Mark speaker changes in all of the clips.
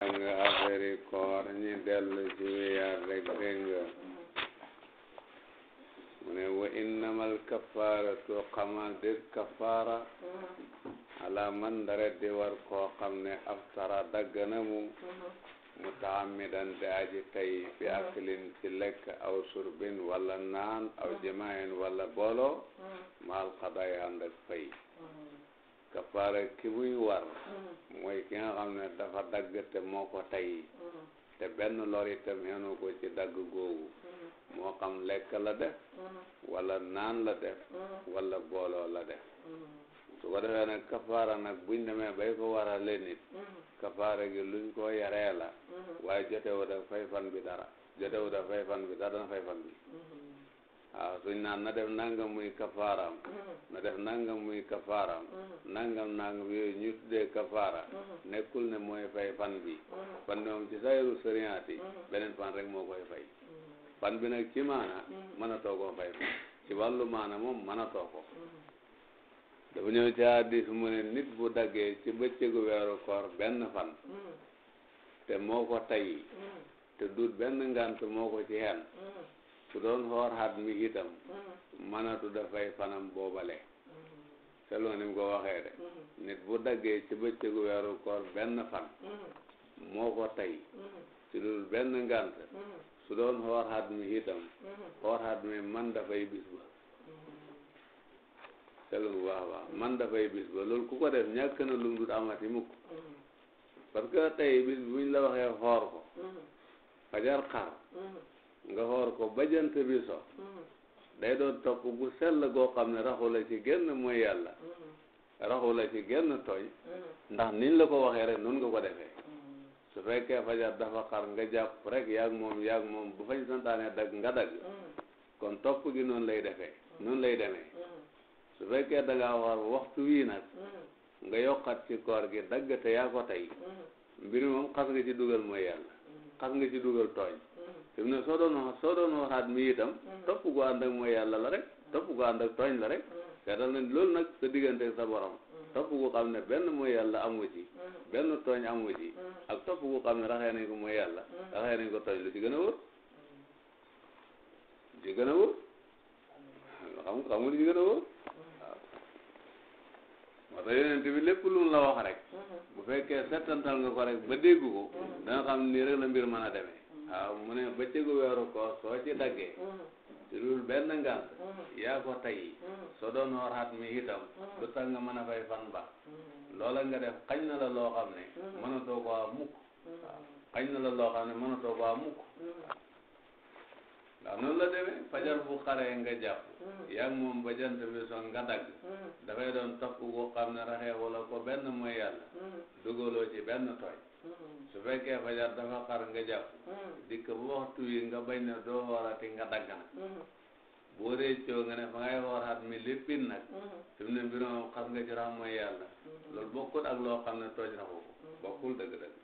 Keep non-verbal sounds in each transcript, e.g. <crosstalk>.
Speaker 1: dégg nga affaire yi koor ñi dellu ci wiyaar rek dégg nga mu ne wa innamal kafaara ala man dara di war koo xam ne aftara dagg na mu mutaamidan di aji tay fi aklin ci lekk aw surbin wala naan aw jimaayin wala booloo maal xaday ànd ak fay kafaara ki muy war mm-hmm. mooy ki nga xam ne dafa dagg te moo ko tey mm-hmm. te benn lor itam ko ci dagg googu mm-hmm. moo xam lekk la def wala naan la def wala booloo la def su ko defee nag kafaara nag buñ demee bay ko warale nit kafaara gi luñ ko yaree la waaye jotewu da fay fan bi dara jotewu da fay fan bi dara dana fay fan bi waaw ah, suñ naan na def nangam muy kafaaram mm-hmm. na def nangam muy kafaaram mm-hmm. nangam nangam yooyu ñu tuddee kafaara mm-hmm. nekkul ne mooy fay fan bi fan bi moom ci sayru sëriñaati beneen fan rek moo koy fay fan bi nag ci maana mën a toogoo fan ci wàllu maana moom mën a toogoo dafa ñëw ci hadis mu ne nit bu daggee ci bëccëgu weeru koor benn fan te moo ko tayi te duut benn ngant moo ko ci hen su doon xoor xat mi itam manatu mm-hmm. dafay fanam boobale selon mm-hmm. ni mu ko waxee de mm-hmm. nit bu daggee ci bëccëgu weeru koor benn fan moo ko tey ci dul benn ngànt su doon xoor xat mi itam xoor xat mi man dafay bis ba selon bu baax baax man dafay bis ba loolu ku ko def ñàkk na lu mu dul amati mukk parce que tey bis bu ñu la waxee xoor ko fajar xar nga xoor ko ba jant bi so mm-hmm. day doon topp bu sell goo xam ne raxu la ci genn mooy yàlla mm-hmm. raxu la ci genn tooñ mm-hmm. ndax niñ la ko waxee rek noonu nga ko defee su fekkee fajar dafa xar nga jàpp rek yaag moom yaag moom bu fañ santaane dagg nga dagg kon topp gi noonu lay defee noonu lay demee su fekkee da ngaa war waxtu wii nag nga yokkat ci koor gi dagg te yaa ko tey mbir moom xas nga ci dugal mooy yàlla xas nga ci dugal tooñ fi mu ne soo doon soo doon waxaat mi itam mm. topp gu ànd mooy yàlla la rek mm. topp gu ànd tooñ la rek mm. seetal nañ loolu nag sa diggante ak sa borom topp gu ne benn mooy yàlla amu ci benn tooñ amu ci ak topp gu xam ne raxee nañ ko mooy yàlla raxee nañ ko tooñ lu ci gën a wóor ci gën a wóor xam xam nga lu ci gën a wóor moo tax yonent bi lépp lu mu la wax rek mm-hmm. bu fekkee settantal nga ko rek ba dégg ko mm-hmm. da nga xam nii rek la mbir mën a dem waaw mu ne bëccëgu weeru koor soo ci daggee ci benn ngant yaa ko tayyi soo doon waraat mi itam du tax nga mën a fay fan ba loola nga def xañ na la loo xam ne mënatoo ko am xañ na la loo xam ne mënatoo ko am ndax noonu la demee fajar bu xaree nga jàpp hmm. ya ngi moom ba jant bi nga dagg hmm. dafay doon takk boo xam ne raxee wala ko benn mooy yàlla hmm. dugaloo ci benn tooy su fekkee fajar dafa xar nga jàpp dikk bu waxtu yi nga bañ ne doo xoorati nga dagg nag boo réccoo nga ne fa ngay xooraat mi léppin nag fi mu ne mbiroom xam nga ci mooy yàlla loolu bokkul ak loo xam ne tooj na ko bokkul dëgg-dëgg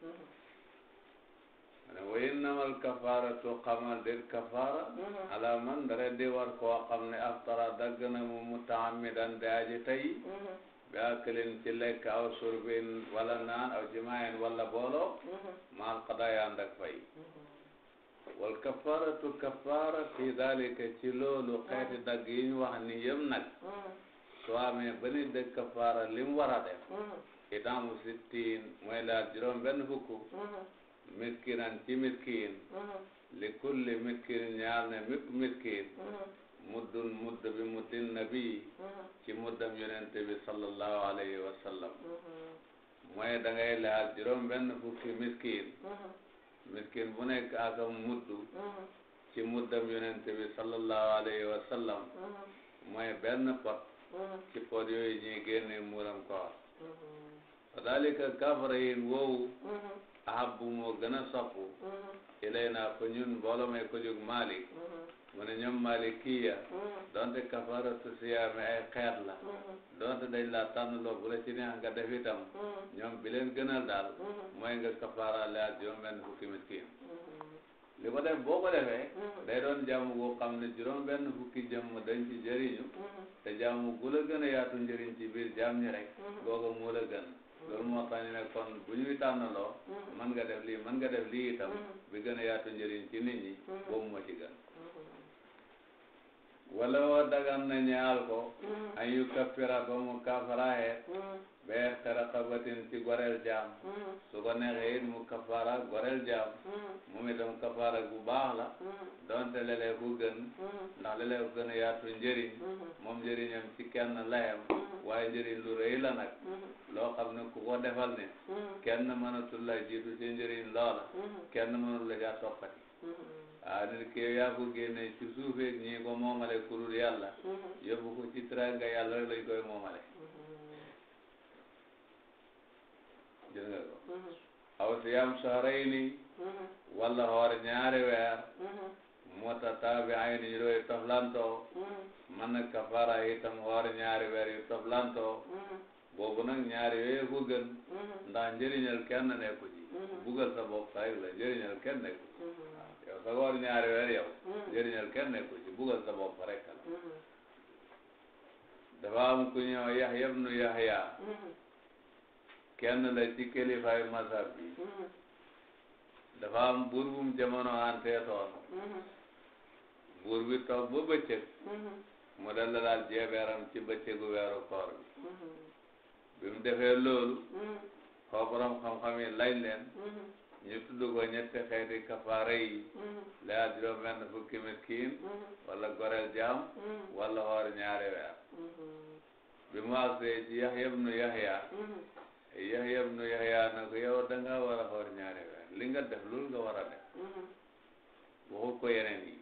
Speaker 1: wa innamal kafaaratu xamal déet kafaara ala man dara di war koo xam ne aftara dagg na mu mutaamidan di aji tey mm-hmm. bi akalin ci lekk aw surbin wala naan aw jimaayin wala booloo mm-hmm. maal qadaa ànd ak fay
Speaker 2: mm-hmm.
Speaker 1: wal kafaaratu kafaara fi dalika ci loolu xeeti dagg yi ñu wax ni yëm nag soo amee ba ni dëkk kafaara li mu war a def idaamu sittiin mooy laal juróom benn fukk miskinan ci miskiin li kulli miskiin ñaar ne miskiin muddun mudd bi muddin nabi ci muddam yonente bi sallallahu alayhi wa mooy da ngay laal benn fukki miskiin miskiin bu nekk ak am muddu ci muddam yonente bi sallallahu alayhi wa mooy benn pot ci pot yooyu ñuy génne muuram koor kadalika kafara yin woowu ahabbu moo gën a soppu mm-hmm. ilay naa ko ñun mbooloo ma ko jóg Malik mm-hmm. mu ne ñoom Malikiya mm-hmm. donte kafaratu siyaam ay xeet la donte dañ laa tànn loo bu la ci neex nga def itam ñoom bi leen gënal daal mooy nga kafaara laaj juróom-benn fukki miskin li ko def boo ko defee day doon jaamu goo xam ne juróom-benn fukki jëmm dañ ci jëriñu te jaamu gu la gën a yaatu njëriñ ci biir jaam ñi rek loolu moo tax ñu ne kon bu ñuy tànnaloo man mm-hmm. nga def lii mën nga def lii itam mm-hmm. bi gën a yaatu njëriñ ci nit ñi mm-hmm. boobu moo ci gën wala woo dagan na ñaal ko ayu kaffira ba mu kafaraaye bee karakabatin ci goreel jaam mm. su ko neexee it mu kafaara goreel jaam moom itam kafaara gu baax la mm. donte lelee ku gën mm. ndax lelee ku gën a yaatu njëriñ moom njëriñam ci kenn layam waaye njëriñ lu rëy la nag loo xam ku ko defal ne kenn mënatul la jiitu ci njëriñ loola kenn mënatul la jaa toppati ah nit ki yow yaa ko génne ci suufeeg ñii ko moomale kurul yàlla yóbbu ko ci tranga yàlla rek lañ koy moomale gis nga ko aw siyam shahrayni walla xoor ñaari weer mutataabi'ayni ñu doy toflanto man nag kafaara itam xoor ñaari weer yu toflanto boobu nag ñaari yooyu ko gën ndax njëriñal kenn nekku ci bugal sa bopp saa yu la njëriñal kenn nekku
Speaker 2: ci yow sa xoor ñaari weer yow
Speaker 1: njëriñal kenn nekku ci bugal sa bopp rekk la dafa am ku ñëw Yahya ibnu Yahya kenn la ci kilifaayu mazhab mm-hmm. dafa am buur bu mu jamono antee toon mm-hmm. buur bi toog ba bëccëg mm-hmm. mu dal daal jeebeeram ci bëccëgu weeru koor bi bi mu defee loolu xoo borom xam-xam yi laaj leen ñu tudd ko ñetti xeeti kafaara yi laa juróom benn fukki miskiin wala goreel jaam wala xoor ñaari weer bi mu àgsee ci Yaxya ibnu Yaxya Yahya ibnu Yahya mhm. ko yow da war a xool ñaari weer li nga def loolu nga war a def waxu ko yeneen yi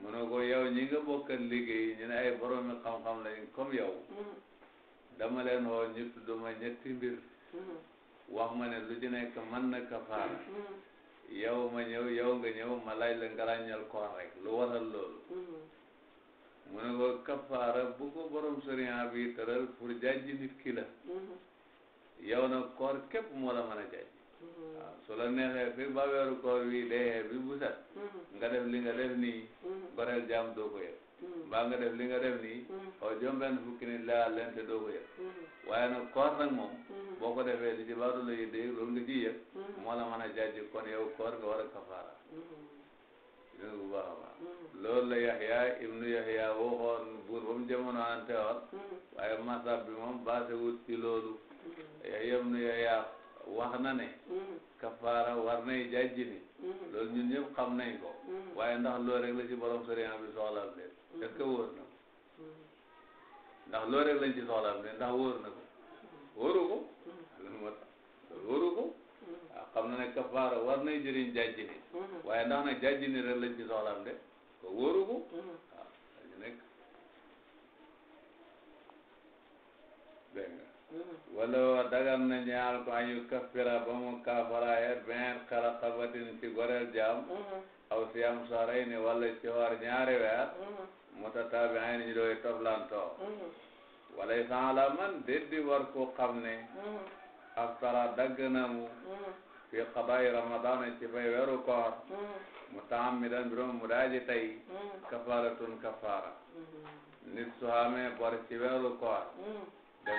Speaker 1: mu ne ko yow ñi nga bokkal liggéey ñu ne ay boromi xam-xam lañ comme yow mhm. dama leen woo ñu tudduma ñetti mbir mhm. wax ma ne lu ci nekk mën na kafaara yow ma ñëw yow nga ñëw ma laaj la nga ràññal koor rek lu waral loolu mu ne ko kafaara bu ko borom sorian bi tëral pour jàjji nit ki la yow na koor képp moo la mën a jaay waaw su la neexee fi koor wi dee bi bu nga def li nga def nii goreel jaam doo ko yëg mbaa nga def li nga def nii xaw jom benn fukki nit laa lente doo ko yëg koor nag moom boo ko defee li ci baatu la yëg dee loolu nga ji yëg moo la mën a jaaj koor nga war a kafaara dina bu baax a baax loolu la Yaxya ibnu Yaxya waxoon buur ba mu jamono ante bi moom baase wut ci loolu yaayam na yaayaa wax na ne mm-hmm. kafaara war nay jàjji ni mm-hmm. loolu ñun ñëpp xam nañ ko mm-hmm. waaye ndax loolu rek la ci borom sëriñ bi soxlaal leen est-ce que wóor na ko ndax loolu rek lañ ci soxlaal leen ndax wóor na ko wóoru ko loolu moo tax wóoru ko waaw ah, xam na ne kafaara war nay jëriñ jàjji ni waaye ndax nag jàjji ni rek lañ ci soxlaal leen ko wóoru ko waaw ah, dañu nekk dégg nga wala woo dagal na ñaar ko ayu kaffira ba mu kaafaraaya e benn xara xabatin ci goreel jaam mm-hmm. aw siyam soray ni wala ci war ñaari weer mm-hmm. mu tataabi ay ni ñu doy toblantoo wala san la man déddi war ko xam ne mm-hmm. aftara dagg mu fi qadaay ramadaan ci fay weeru koor mu taammidan mu daaji tey kafaaratun kafaara nit su xamee bor ci weeru koor da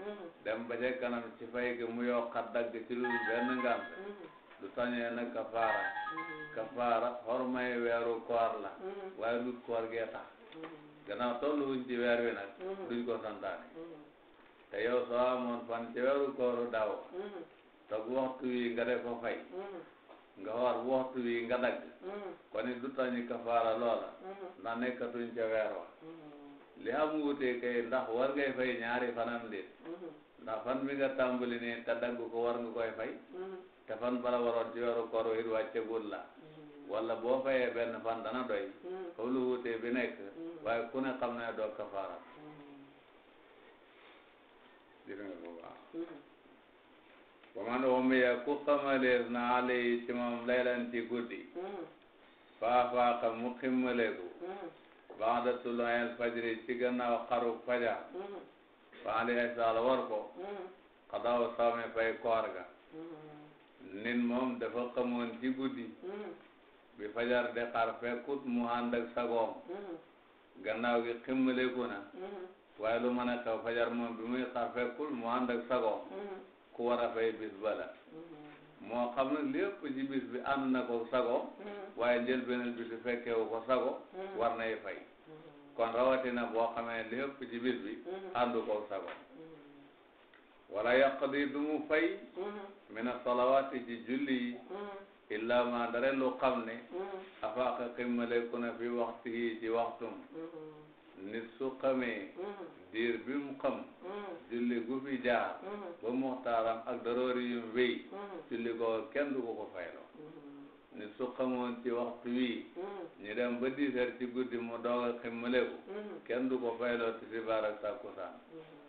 Speaker 1: Mm-hmm. dem ba ca kanam ci fay gi mu yokkat dagg ci lu benn ngant mm-hmm. lu sañee nag kafaara mm-hmm. kafaara xormay weeru koor la waaye lu koor gee tax gannaaw tollu wuñ ci weer wi nag duñ ko santaane te yow soo amoon fan ci weeru kooru daaw toog waxtu yi nga def ko fay nga war waxtu yi nga dagg kon it du tañi kafaara loola ndax nekkatuñ ca weer wa li am wuute kay ndax war ngay fay ñaari fanam déet ndax fan bi nga tàmbali ne te dagg war nga koy fay te fan bala waroon ci weeru koor it wàccegul la wala boo fayee benn fan dana doy comme lu wuute waaye ku ne xam ne doo kafaara dégg nga ko man omiya ku xamalees na ale yi ci moom laylan ci guddi faafaaxa mu ximmaleeku baada tuluwayel fajri ci gannaaw xaru fajar baada isaal war ko xadaw sawmi fay koor ga nin moom dafa xamoon ci guddi bi fajar de xar fekkut mu ànd ak sagoom gannaaw gi ximmaleku na waaye lu mën a xew fajar moom bi muy xar fekkul mu ànd ak sagoom ku war a fay moo xam ne lépp ci bis bi ànd na ko sago mm-hmm. waaye njël beneen bi su fekkee wu ko sago mm-hmm. war nay fay mm-hmm. kon na boo xamee lépp ci bis bi àndu ko sago wala yaqdi du mu fay mina salawaati ci julli yi illa ma dara lu xam ne afaaka ximmaleku na fi waxtihi ci waxtum nit su xamee mm-hmm. diir bi mu xam julli mm-hmm. gu fi jaar mm-hmm. ba muxtaaram ak daroori yu julli ko kenn du ko ko fayloo nit su xamoon ci waxtu wii ñu dem ba dix ci guddi mu doog a ximmaleku kenn du ko fayloo tisbaar ak takkusaan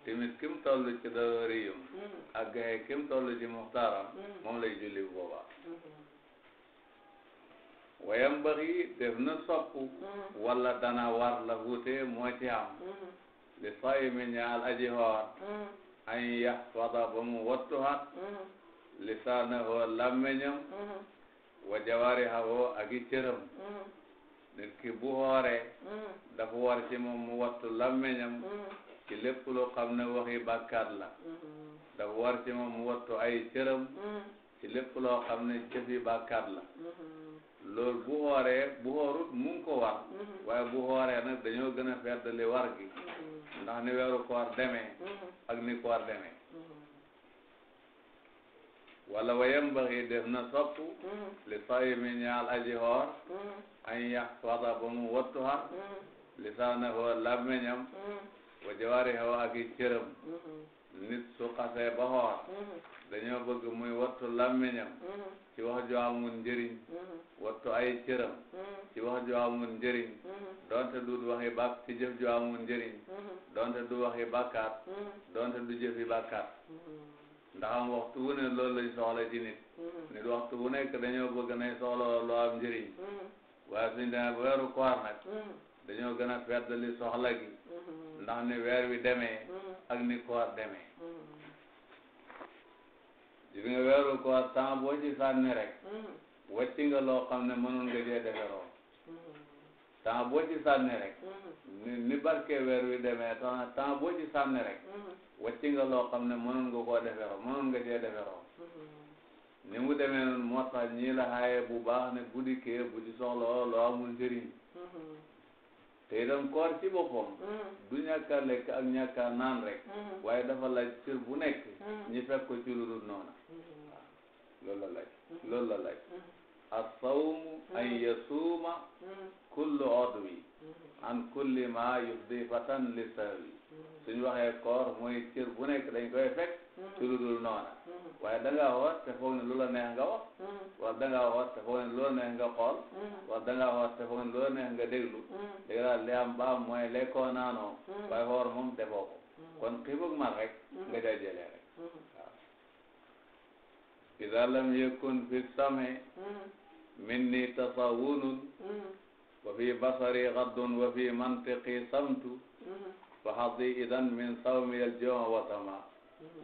Speaker 1: tamit ki mu toll ci daroori ak gaye ki mu ci muxtaaram moom lay julli bu wayam baxi def na soppu mm-hmm. wala dana war la wute moo ci am mm-hmm. li sayi mi ñaal aji xoor mm-hmm. an yaxfada ba mu wattu hat lisaanahu làmmeñam wa jawaarihahu ak i cëram nit ki bu xooree dafa war ci moom mu wattu làmmeñam ci lépp loo xam ne waxi bàkkaat la dafa war ci moom mu wattu ay cëram ci lépp loo xam ne jëfi bàkkaat la lool bu xooree bu war mhm. waaye bu xooree nag dañoo gën a feddali war gi mhm. ndax ni weeru koor demee mhm. ak ni koor demee wala wa yambaxi def na sopp li sawimi ñaal aji xoor an yax fada ba mu wattu xar lisaanahu làmmeñam wa jawaarihu ak i cëram ba xoor dañoo bëgg muy ci wax ju amul wattu ay cëram ci hmm. wax ju amul njëriñ hmm. donte du waxi bak ci jëf ju amul njëriñ hmm. donte du wax bàkkaat donte du jëfi bàkkaat ndax am waxtu wu ne loolu lañ soxla ci nit nit waxtu bu nekk dañoo bëgg nañ soxla lu am njëriñ waaye suñ demee ba weeru koor nag dañoo gën a feddali soxla gi ndax ni weer wi demee ak ni koor demee ji nga weeru koor temps boo ci sànni rek wàcc nga loo xam ne mënoon nga ji deferoo temps boo ci sànni rek ni ni barke weer wi demee temps temps boo ci sànni rek wàcc nga loo xam ne mënoon nga koo deferoo mënoon nga jee deferoo ni mu demee noonu moo tax la xaaye bu baax ne bu dikkee bu ci soxla loo amul njëriñ te itam koor ci boppam du ñàkk a ak ñàkk a naan waaye dafa laaj cër bu nekk ñi fekk ko ci lu dul noona waaw loolu loolu la laaj mm-hmm. asawmu mm-hmm. an yasuuma mm-hmm. kullu odwi an kulli ma yubdi fatan li sawi suñ waxee koor mooy cër bu nekk dañ koy fekk ci noona waaye da ngaa woor te la neex nga wax wala da ngaa woor te foog ne lu la neex nga xool wala da ngaa woor te foog ne lu la neex nga déglu dëgg daal li am baam mooy lekkoo naanoo waaye moom defoo ko kon xiif ak mar rek nga jajjëlee rek idaa lam yakun fi sam'i minni tasawunun wa fi basari gaddun wa fi mantiqi samtu fa hadi idan min sawmi al-jawma wa tama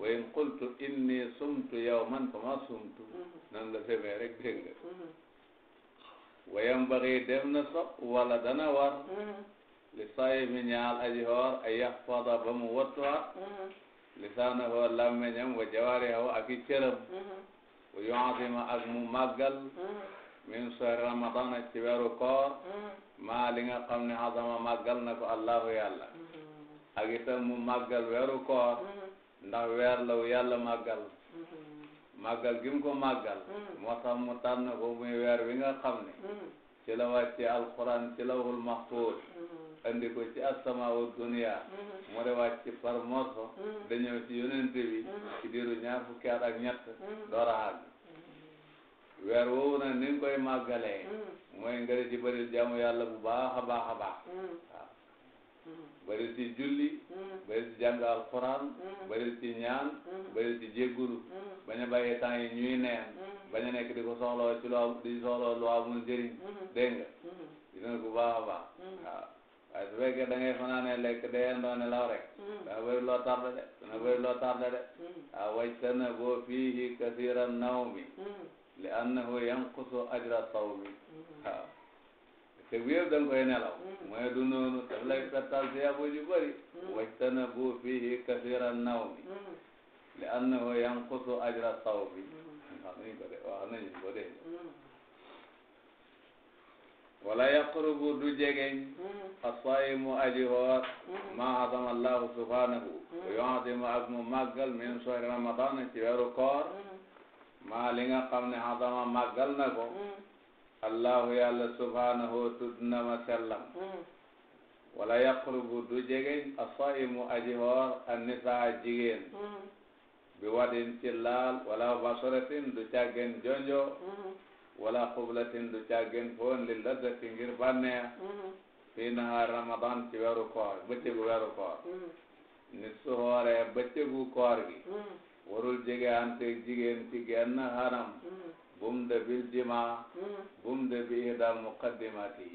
Speaker 1: wa in qultu inni sumtu yawman fa ma sumtu nan la demee rek dégg nga wa yambagi dem na sopp wala dana war li saayimi ñaal aji hoor ay yaxfada ba mu wattuwaat lisaanahu làmmeñam wa jawaarihahu ak i cëram bu yoncima ak mu màggal hmm. min so ramadana ci weeru koor hmm. maa li nga xam ne xadama màggal na ko allahu yàlla hmm. ak itam mu màggal weeru koor ndax weer la wu yàlla màggal màggal ko màggal moo tax mu tànn ko muy weer wi nga xam ne ci la wàcce alquran ci lawhul mahfuz andi ko ci asamaawu duniya mm-hmm. mu de wàcc par morso mm-hmm. da ñëw ci yonente bi mm-hmm. ci diiru ñaar fukki at ak ñett door a àgg weer woowu nag ni nga koy màggalee mooy nga di ci bëri jaamu yàlla bu baax a baax a baax waaw bëri ci julli bëri ci jàng alquran bëri ci ñaan bëri ci jéggulu bañ yi ñuy bañ a nekk ko soxloo ci lu am di soxloo lu amul njëriñ dégg nga dina ko baax waaye su fekkee da ngay fanaane lekk de yendoo nelaw rek daa bëri loo tarde de dana bëri loo tarde de a wajtana boo fiihi kasira nawmi mm. li annahu yanqusu ajra sawmi waaw te bu yëpp da nga koy nelaw mooy du noonu daf lay fettal si yàbu ju bëri wajtana boo fiihi kasira nawmi mm. li annahu yanqusu ajra sawmi xam nañ ko de wax nañ ko de wala yaqrubu du jegeñ mm-hmm. asaimu aji woor mm-hmm. ma azama allahu subhanahu wa mm-hmm. yuazima ak mu màggal min sohri ramadana ci weeru koor maa li nga xam ne azama màggal na ko allahu yàlla subhanahu ma sellam wala yaqrubu du jegeñ asaimu aji woor annisaa jigéen bi wadin ci wala basaratin du càggeen jonjo wala xublatin du càggeen foon li lazzati ngir bànneex mm-hmm. nahaar ramadan ci weeru koor bëccëgu weeru koor mm-hmm. nit su xooree bëccëgu koor gi mm-hmm. warul jege ante jigéen ci genn haram bum bil jima bum bi ihdal muqaddimati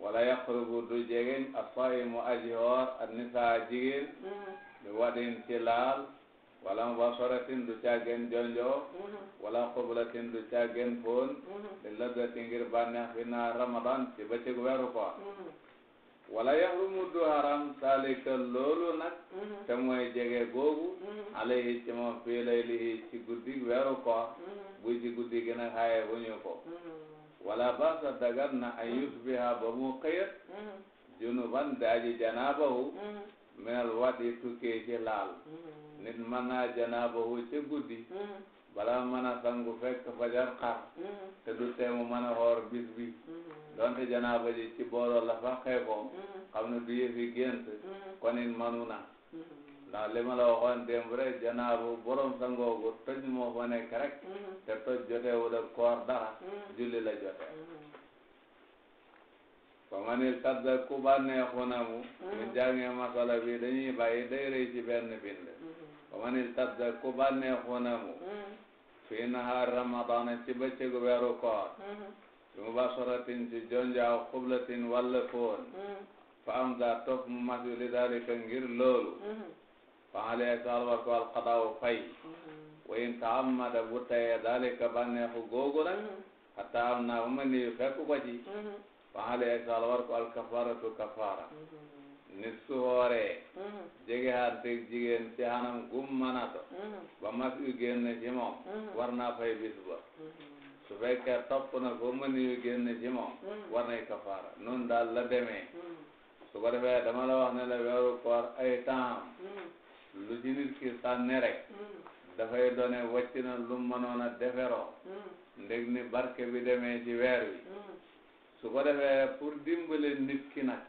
Speaker 1: wala yaqrubu du jegeñ asaimu aji hoor annisaa jigéen bi wadin ci wala mubasaratin du caageen jonjo wala xublatin du caageen foon li laddati ngir bànneex fi naa ramadan ci bëccëg weeru koor wala yaxrumu du haram saalika loolu nag te mooy jege googu alayhi ci moom fii laylihi ci guddi weeru koor bu ci guddi gën a wala baasa dagat na an yusbiha ba mu xëyat junuban daaji janaabahu minal wat yi tukkee ci laal nit mën naa janaaba wu ca guddi mm-hmm. balaa mën a sangu fekk fajar xar mm-hmm. te du teemu mën a xoor bis bi mm-hmm. donte janaaba ji ci booro la fa xeeboo xam ne du yëfi gént kon it manu na ndax li ma la waxoon démb rek janaaba borom sangoogu toj moo fa nekk rek te toj jotewul ak koor dara julli la jote fa ma ni sadda ku bànneexu na mu ñu jàngee masala bi dañuy bàyyi day rëy ci benn bind waman istabda ku bànneexu na mu fii nahaar ramadana ci bëccëgu weeru koor ci mubasaratin ci jonjaaw xublatin walla foon fa am za topp mu masu li dalika ngir loolu fa nga lee saal war ko alqadaaw fay wayin taamada bu tayee dalika bànneexu googu nag hatta am naa ba ma nii fekk ko ci fa nga lee saal war ko alkafaratu kafara nit su wooree mm-hmm. jege hartig jigéen ci anam gum mm-hmm. ba mas yu génn ci moom mm-hmm. war naa fay bis ba su fekkee topp na ko mën yu génn ci moom war nay kafaara noonu daal la demee su ko defee dama la wax ne la weeru koor ay temps lu ci nit ki sànni rek dafay doone wàcc na lu mënoon a deferoo ndég ni barke bi demee ci weer wi su ko defee pour dimbale nit ki nag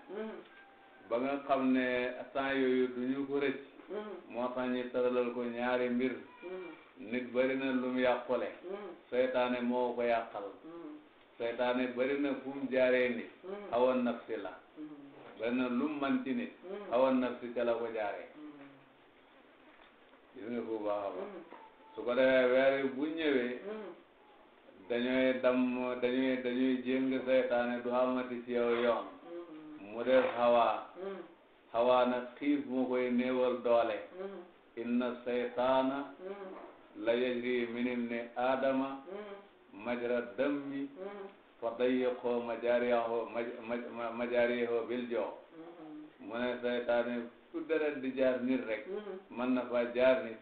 Speaker 1: ba nga xam ne temps yooyu du ñu ko rëcc mm. moo tax ñu tëralal ko ñaari mbir mm. nit bëri na lu mu yàqule mm. seytaane moo ko yàqal seytaane bëri na fu mu nit awoon nafsi la bëri na lu mu man ci nit awoon nafsi ca la ko jaaree gis nga bu baax a baax su ko defee weer bu ñëwee dañuy damm dañuy jéng seytaane du xamati ci yow yoon mu def hawa hawa nag xiif moo koy néewal doole inna seytaana la yajri min ibni aadama majra dammi fa dayiqoo majaariyahu majaariyahu bil joo mu ne seytaane su deret di jaar nit rek mën na faa jaar nit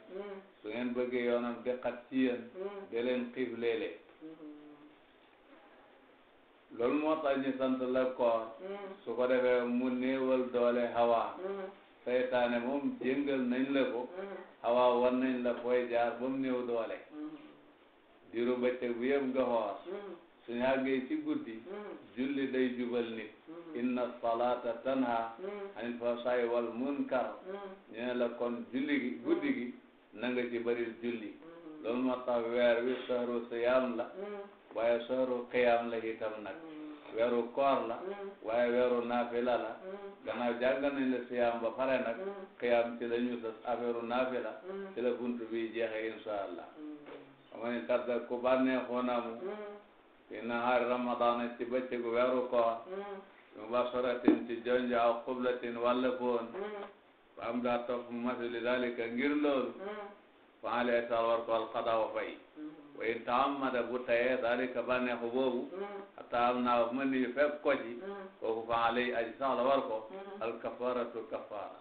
Speaker 1: su ngeen bëggee yoonam di xat ci yéen da leen xiif léeg-léeg loolu moo tax ñu sant leb koor mm. su ko defee mu doole hawa mm. seytaane moom jëngal nañ la ko mm. hawa wan nañ la fooy jaar ba mu doole diiru bëccëg bi yëpp nga xoor suñu àggee ci guddi julli day jubal nit inna salata tanha anil fahsaa'i wal munkar ñu ne la kon julli gi guddi gi na nga ci julli loolu moo tax weer wi sahru siyaam la waaye sahru qiyaam la itam nag weeru koor la waaye weeru naafila la gannaaw jàng nañ la siyaam ba pare nag ci la ñu sas affaire naafila ci la buntu bi jeexee insha allah ama ni tarda ku bànnee xoonamu fi nahaari ramadaan ci bëccëgu weeru koor mubasaratin ci jonja aw xublatin walla boon ba am daa topp masili dalika ngir loolu faale sa war ko alqada wa fay wa in taamada bu tayee dalika bànneexu boobu hatta am naa wax mën ni ñu fekk ko ci kooku faale yi aji sax la war ko alkafaratu kafara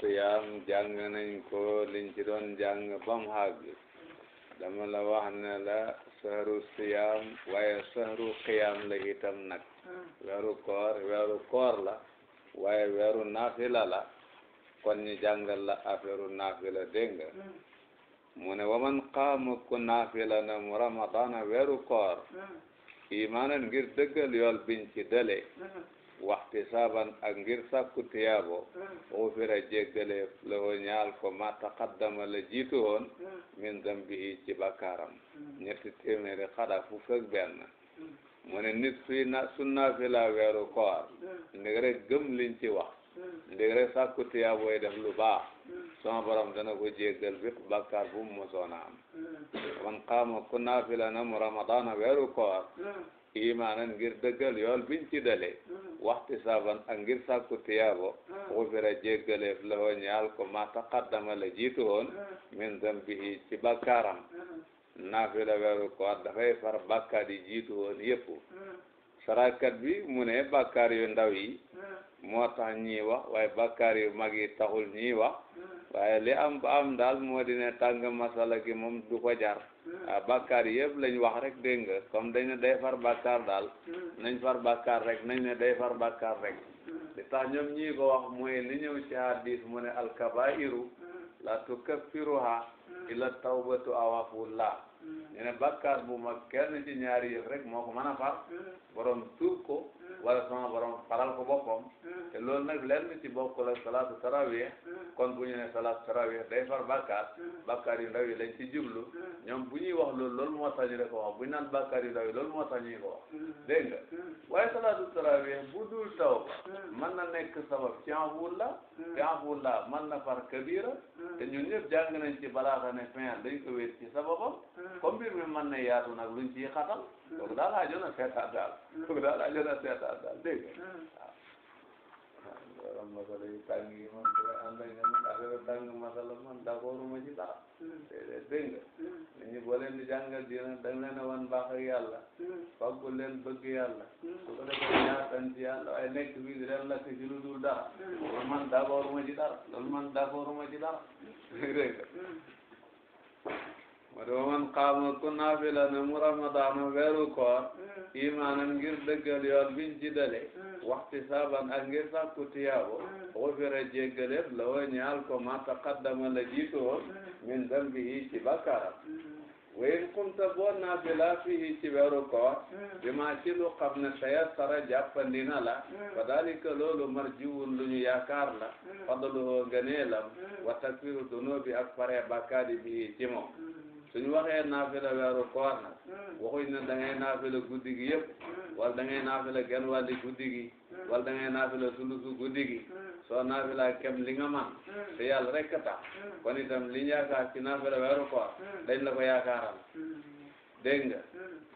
Speaker 1: siyaam jàng nañ ko liñ ci doon jàng bam xàgg dama la wax ne la sahru siyaam waaye sahru xiyaam la itam nag weeru koor weeru koor la waaye weeru naafila la kon ñu jàngal la affaire naafila dégg nga mm. mu ne waman qaama ku naafila na mu ramadana weeru koor mm. imaanan ngir dëggal yool biñ ci dale mm-hmm. waxti saaban ak ngir sàkku tiyaabo xufira mm. jéggale la ko ñaal ko ma taqaddama la jiitu woon min dambihi ci bakkaaram ñetti téeméeri xada fu fekk benn mu ne nit su naafila weeru koor ndeg rek gëm liñ ci wax ndég sàkku tiyaa booy def lu baax sama borom dana ko jéggal bépp bàkkaar bu mu mosoon am man xaama ku naafila na mu ramadana weeru koor imaanan ngir dëggal yool biñ ci dale waxti saaban ak ngir sàkku tiyaabo xufira jéggaleef la hoo ñaal ko ma taqaddama la jiitu woon min zambihi ci bàkkaaram naafila weeru koor dafay far bàkkaar yi jiitu woon yépp sarakat bi mu ne bàkkaar yu ndaw yi moo tax ñii wax waaye bakkaar yu mag yi taxul ñii wax waaye li am ba am daal moo di ne tàng masala gi moom du ko jar ah bakkaar yëpp lañ wax rek dégg nga comme dañ ne day far bakkaar daal nañ far bakkaar rek nañ ne day far bakkaar rek li tax ñoom ñii ko wax mooy li ñëw ci hadis mu ne alkabairu la tukaffiruha illa tawbatu awafullah ñu ne bakkaar bu mag kenn ci ñaari yëf rek moo ko mën a far borom tuub ko wala sama borom faral ko boppam mm. te loolu nag lenn ci bokkul ak salaatu tarawih mm. kon bu ñu ne salaatu tarawih day far bakaat mm. bàkkaar yu ndaw yi lañ ci jublu ñoom bu ñuy wax loolu loolu moo tax ñu bu ñu naan bàkkaar yu ndaw yi loolu moo tax ñu ko wax dégg waaye salaatu tarawih bu dul taw man na nekk sabab ci anfulla te la mën na far kabira te ñun ñëpp jàng nañ ci balaaxa ne fin dañ ko wéet ci sababam comme mbir mi na yaatu nag luñ ciy xatal kooku daal aajo na seetaat daal kooku daal aajo na seetaat daal dégg nga waaw borom masala yi tàng yi man su may ànd ak ñoom affaire tàng masala man d'accord ma ci dara dégg nga nit ñi boo leen di jàngal dina dang leen a wan baax ak yàlla fàggul leen bëgg yàlla su ko defee ñaatan ci yàlla waaye nekk bi di leen lakk ci lu dul dara loolu man mm. d'accord ma mm. ci dara loolu man d'accord ma ci dara dégg nga ma doo man xaama ku naafila ne mu ramadaana weeru koor hmm. imaanan ngir dëggal yoon biñ ci hmm. ak ngir sàkku tiyaabo hmm. xufira jéggaleef la woo ñaal ko ma taqaddama la jiitu woon min dambihi ci bakkaaram wayin kumta boo naafila fii ci weeru koor bi ma ci lu xam ne tayassara jàppandi na la fa dalika loolu marjiwun lu ñu yaakaar la fadluhu ngëneelam wa takfiru dunubi ak pare bakkaari bi ci moom suñu waxee naafila weeru koor nag hmm. waxuñ ne da ngay naafila guddi gi yëpp hmm. wala da ngay naafila genn wàlli guddi gi hmm. wala da ngay naafila sulusu guddi gi soo naafila kem li nga man te yàlla rek a kon itam li ñu yaakaar ci weeru koor dañ la ko yaakaaral dégg nga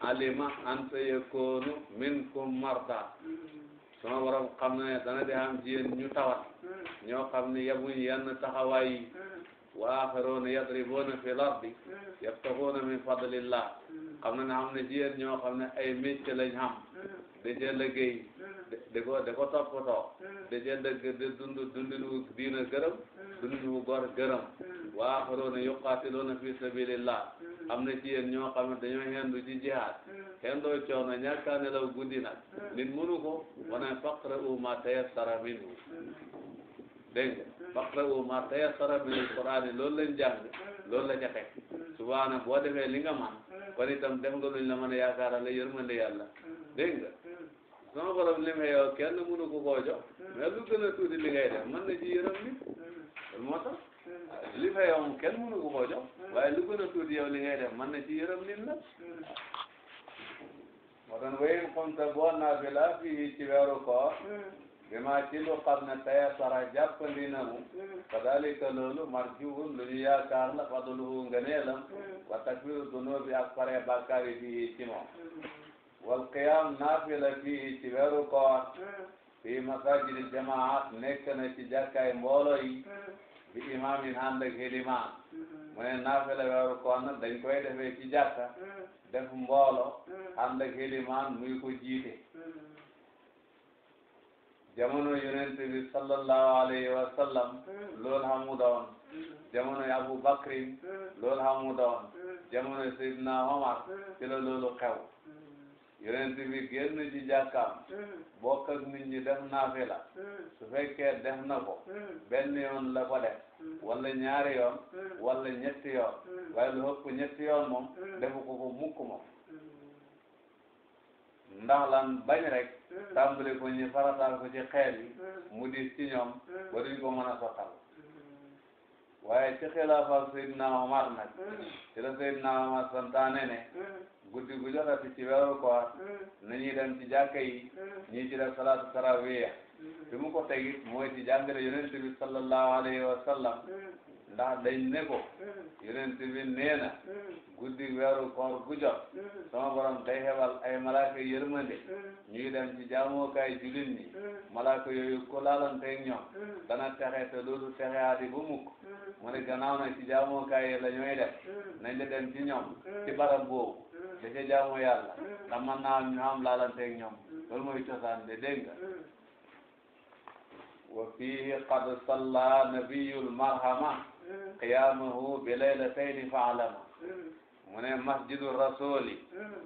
Speaker 1: alima an sayakoonu minkum marda sama borom na ne dana di am jiyéen ñu tawat ñoo xam ne yamuñ yenn taxawaay yi wa axaruuna yadribuuna fi lardi yabtaxuuna min fadlillah xam na ne am na ci yéen ñoo xam ne ay métier lañ xam da cee liggéey di ko di ko toppatoo da cee dëgg di dund dundin wu diina gërëm dundin wu gor gërëm wa axaruuna fi sabilillah am na ci yéen ñoo xam ne dañoo hendu ci jihaad hendoo coono ñàkk a nelaw guddi nag nit mënu ko wane faqra'u ma tayassara minhu dégg faqra'u ma tayassara min al-Qur'an loolu lañ jàng loolu la ca teg subaana boo defee li nga man kon itam def nga luñ la mën a yaakaarale yërmande yàlla dégg nga sama borom ma may yow kenn mënu ko koo jox mais lu gën a tuuti li ngay def mën na ci yërëm
Speaker 2: nit loolu
Speaker 1: moo tax li may yow moom kenn mënu ko koo jox waaye lu gën a tuuti yow li ngay def mën na ci yërëm nit la moo tax wayin xomta boo naafila fii ci weeru koor bi ma ci lu xam ne tayassara jàppandi na mu kadalika loolu marjuhun lu ñu yaakaar la fadluhu ngëneelam wa takfiru dunubi ak pare bàkkaar yi fii ci moom wal qiyam naafila fii ci weeru koor fii masajidi jamaat nekk na ci jàkkaay mbooloo yi bi imaamin ànd ak hilimaan mu ne naafila weeru koor nag dañ koy defee ci jàkka def mbooloo ànd ak hilimaan muy ko jiite jamono yonent bi sallallahu alayhi wa sallam loolu xamu doon jamono Abu Bakrin loolu xamu doon jamono Seydina Omar ci la loolu xew yonent bi génn ci jàkkaam bokk ak nit ñi def naafila su fekkee def na ko benn yoon la ko def wala ñaari yoon wala ñetti yoon waaye lu ëpp ñetti yoon moom defu ko ko mukk moom ndax lan bañ rek tàmbali ko ñu farataal ko ci xeet yi mm. mu diis ci ñoom mm. ba duñ ko mën a sottal mm. waaye ci xilaafa Seydina Omar nag ci la Seydina na santaane ne guddi gu jotati ci weeru koor nañuy dem ci jàkka yi ñii ci def salaatu tarawiya mu ko tegit mooy ci jàngale yonent bi sallallahu alayhi wa ndax dañ ne ko mm-hmm. yonent bi nee na mm-hmm. guddi weeru koor gu jot mm-hmm. sama borom day xebal ay malaaka yërmande ñuy dem ci jaamookaay jullit ñi malaaka yooyu ku laalanteeg ñoom dana texe te loolu texe aadi bu mukk mu ne ci jaamookaay yi la ñooy def nañ la dem ci ñoom ci barab boobu da ca jaamu yàlla da mën naa am ñu am laalanteeg ñoom loolu mooy cosaan wa fiihi qad salla nabiyul marhama qiyaamahu bi laylatayni faalama mu ne masjidu rasuli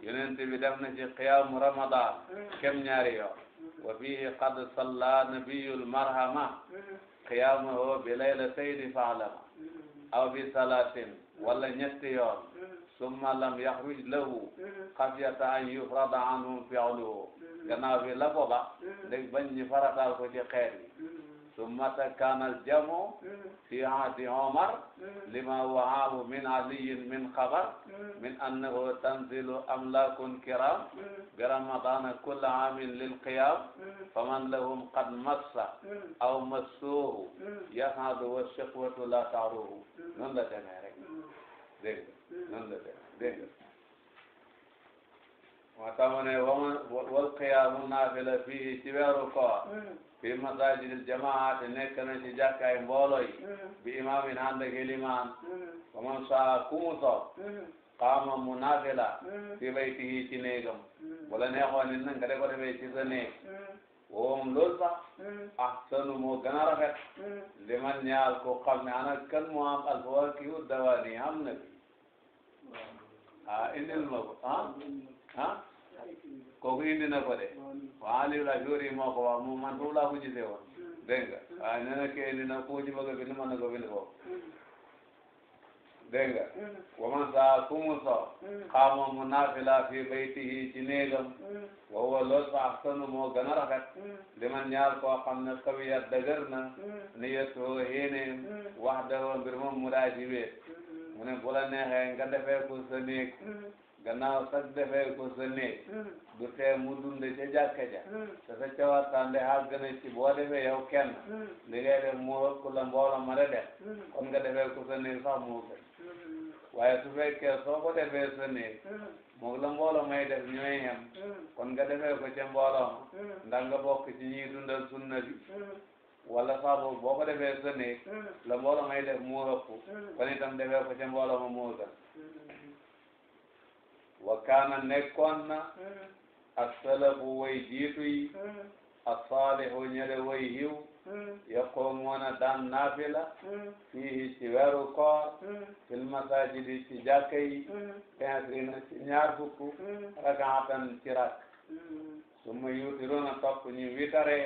Speaker 1: yonent bi def na ci qiyaamu ramadan kem ñaari yoon wa fihi qad salla nabiyul marhama qiyaamahu bi laylatayni faalama aw bi salatin wala ñetti yoon summa lam yaxruj lahu xafiyata an yufrada anhum fi'luhu gannaaw bi la ko ba ndeg bañ ñi farataal ko ci xeet yi summa kaana al-jamu fi ahdi Omar lima wa'ahu min aliyin min xabar min annahu tanzilu amlaakun kiram bi ramadana kulla aamin lil qiyam faman lahum qad massa aw massuhu yas'adu wa shiqwatu la ta'ruhu noonu la demee rek dégg nga noonu la demee dégg nga moo tax mu ne wal qiyaamu naafila fii ci weeru koor fi masajidil jamaati nekk na ci jàkkaay mbooloo yi bi imaamin ànd ak limaan wa man saa ku mu soob qaama mu naafila fi baytihi ci wala neexoon nit nag nga def ko defee ci sa néeg woom loolu sax ahsanu a rafet liman ñaal ko xam ne ana kan mu am alfawaakihu dawaani am na bi ah indil ma ah ah kooku indi na ko de waaw Aliou la joor yi ko wax moom man foofu laa ko gisee woon dégg nga waaye nee na kee indi na ku ci bëgg a bind mën na ko bind foofu wa man saa ku mu so xaama mu naafila fi baytihi ci néegam wa huwa lool fa axsanu moo gën a rafet li man ñaar koo xam ne xawiyat dëgër na niyatoo yéeneem wax dëgg mbir moom mu daa ji wéet ne bu la neexee nga defee ko sa néeg gannaaw sax sa néeg mm. du tee mu dunde ca jàkka ja mm. te sa cawartande xaal gën a ci boo defee yow kenn mm. li ngay def moo ëpp la mbooloo ma def kon nga defee ko sa néeg sax moo gën waaye su fekkee soo ko defee sa néeg moog la def ñooy yem kon nga defee ko ca mbooloo ma ndax nga bokk ci ñiy dundal bi wala saabu boo ko defee sa néeg la mbooloo may def moo ëpp kon itam defee ko ca mbooloo ma moo gën wakaana nekkoon na mm-hmm. asalafu way jiitu yi mm-hmm. asalihu ñele way hiw mm-hmm. yaqoomoona daan naafila fiihi ci weeru koor fil ci jàkka yi pensrina ci ñaar fukk rakaatan ci rak suma yuutiruna topp ñu witaree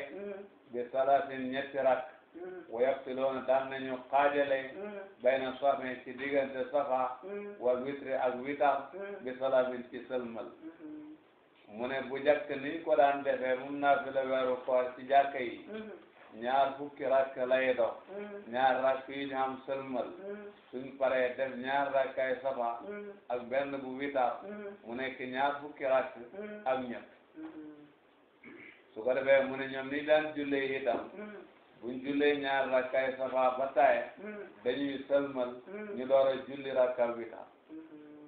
Speaker 1: bi salatin ñetti rak wayaftiloona daan nañu xaajale bayna soxna ci diggante safa wal witri ak witar bi salaamin ci sëlmal mu ne bu jàkk niñ ko daan defee mun naa fi la weeru ci jàkka yi ñaar fukki rakk lay dox ñaar rakk yi ñu am sëlmal suñ paree def ñaar rakkaay safa ak benn bu witar mu nekk ñaar fukki rakk ak ñett su ko defee mu ne ñoom ni daan jullee itam buñ jullee ñaar rakkaay safa ba taaya mm. dañuy sëlmal mm. ñu door a julli rakka witar mm-hmm.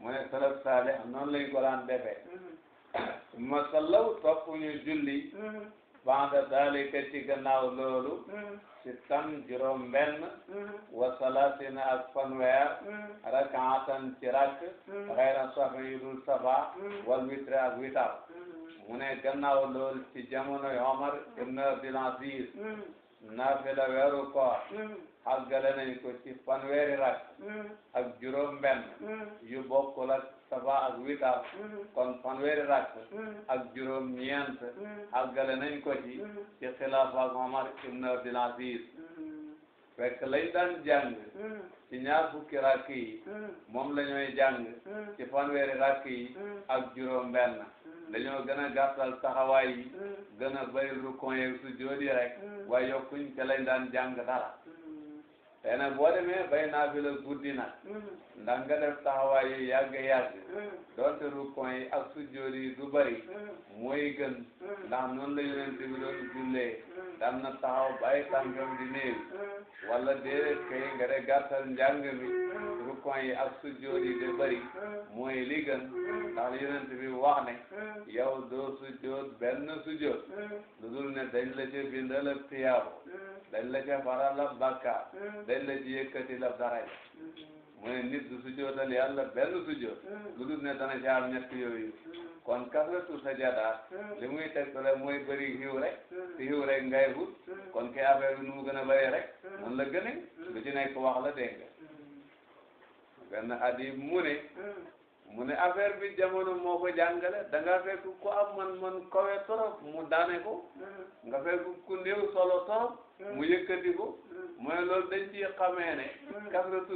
Speaker 1: mu ne salaf saalih noonu lañ ko daan defee mm-hmm. ma sallaw topp ñu julli mm-hmm. banda dalika ci gannaaw loolu ci tan juróom benn wa salatina ak fanweer rakaatan ci rakk xayra safa yu dul safa wal witre ak witar mu ne e gannaaw lool ci jamonoy e Omar ibn Abdul Aziz mm. naafila weeru mm. koor xàggale nañ ko ci fanweeri rak mm. ak juróom benn yu bokkul ak saba ak witar kon fanweeri rak ak juróom ñeent xàggale nañ ko ci ci xilaafa ak Omar ibn Abdul Aziz fekk lañ daan jàng ci ñaar fukki rakk yi moom la ñooy jàng ci fanweeri rakk yi ak juróom dañoo gën a gàttal taxawaay yi mm. gën a bari rukon yeeg su jóodi rek mm. waaye yokkuñ ca lañ daan jàng dara xëy na boo demee bay naafila guddi nag ndax nga def taxawaay yu yi ak sujjóot yi du bari mooy gën ndax noonu la yonent bi doon jullee daan na taxaw bàyyi tànkam di néew wala déedéet kay nga de gàttal njàng yi ak sujjóot yi du bari li gën ndax yonent bi wax ne yow doo sujjóot benn sujjóot lu dul ne dañ la ca bindal dañ la ca faral la bàkkaar dañ mm. la ci yëkkati la daraja mm. mu ne nit du sujootal yàlla benn sujoot mm. lu dul ne dana ca am ñett yooyu kon kasratu sajadaat li muy tegtale mooy bëri xiw rek te xiw rek ngay wut kon ke affaire bi nu mu gën a bëri rek noonu la gëne lu ci nekk wax la dégg nga benn at mu ne mu ne affaire bi jamono moo ko jàngale da nga fekk ku am man man kawe torop mu daane ko mm-hmm. nga fekk ku néew solo torop mm-hmm. mu yëkkati ko mm-hmm. mu ne loolu dañ ciy xamee ne kasratu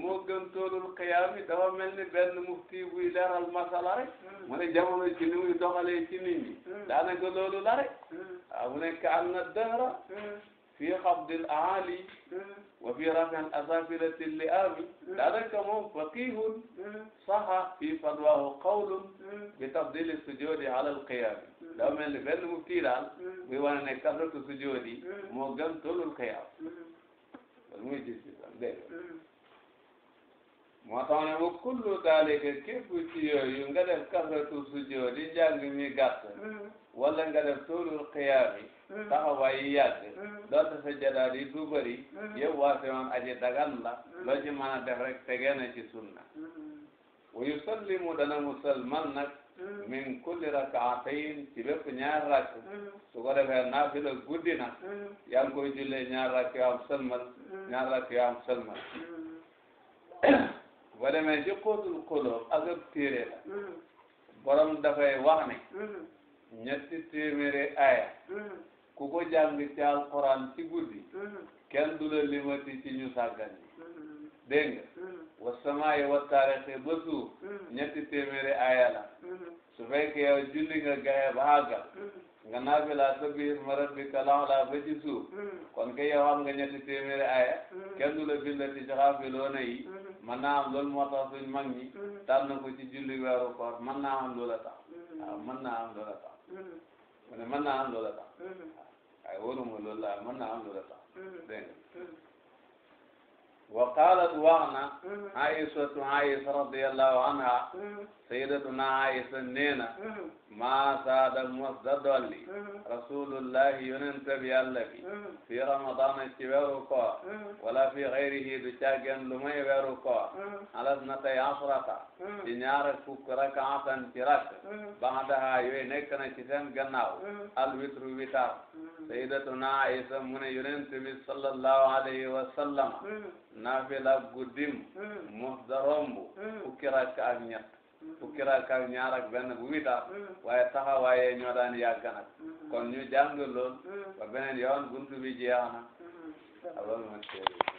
Speaker 1: moo gën toolul xiyaam yi dafa mel ni benn mufti buy leeral masala rek mu ne jamono ci ni muy doxalee ci nit ñi daanaka loolu la rek waaw ne ka am na dëra fii xabdil aali wa fii rafin asafilati li ami daanaka moom faqihun saha fii fatwahu qawlun bi tafdili sujudi ala alqiyami daa mel ni benn mufti daal muy wane ne kasratu sujudi moo gën tolul qiyam
Speaker 2: loolu
Speaker 1: muy gis bi tam dégg moo tax ne mu kullu dalika képp ci yooyu nga def kasratu sujudi njàng mi gàtt wala nga def tolul qiyami Mm. taxawaay yi yàgg mm. donte sa jadaal yi du bëri mm. yëpp waa si moom aji def rek tegee na ci sunna wa yusallimu dana musalmal nag min kulli rakaatayn ci bépp ñaar rakk su ko defee naafila guddi na yaa ngi ñaar rakk yoo am ñaar rakk yoo am sëlmal <coughs> boo demee ci xóotul xulóob ak ab téere la borom dafay wax ne ñetti téeméeri aya ku ko jàng ci alquran ci guddi mm-hmm. kenn du la limati ci ñu sàggan yi
Speaker 2: mm-hmm. dégg nga mm-hmm.
Speaker 1: wasamaayi wattaarixe ba suuf ñetti téeméeri aaya la su nga gaye ba àggal nga naafila sabbihasma rabbikal a'laa ba ci kon kay yow xam nga ñetti téeméeri aaya kenn du la bindati ci xaafiloona yi mën naa am loolu moo tax suñ mag ñi tànn ko ci julli weeru koor mën naa am loola tax waaw ah, mën naa am loola tax
Speaker 2: mu ne
Speaker 1: waaye wóoruma loolu laa mën naa am lu la tax mm-hmm. dégg wa qaalat wax na aïsatu aïsa radiallahu anha sayidatuna aïsa nee na maa saada mos da dolli rasulullahi yonente bi yàlla bi fi ramadana ci weeru koor wala fi xayrihi du càggeen lu may weeru koor alas na tey asrata ci ñaara fukk rakaatan ci rakk baxdaha yooyu nekk na ci seen gannaaw al witru witar sayidatuna aïsa mu ne yonente bi sallallahu alayhi wa sallama naafila guddim hmm. mos da romb hmm. fukki rakka ak ñett hmm. fukki rakka ak ñaar ak benn bu witar waaye taxawaayee ñoo daan yàgg nag kon ñu jàng lool ba beneen yoon buntu bi jeex na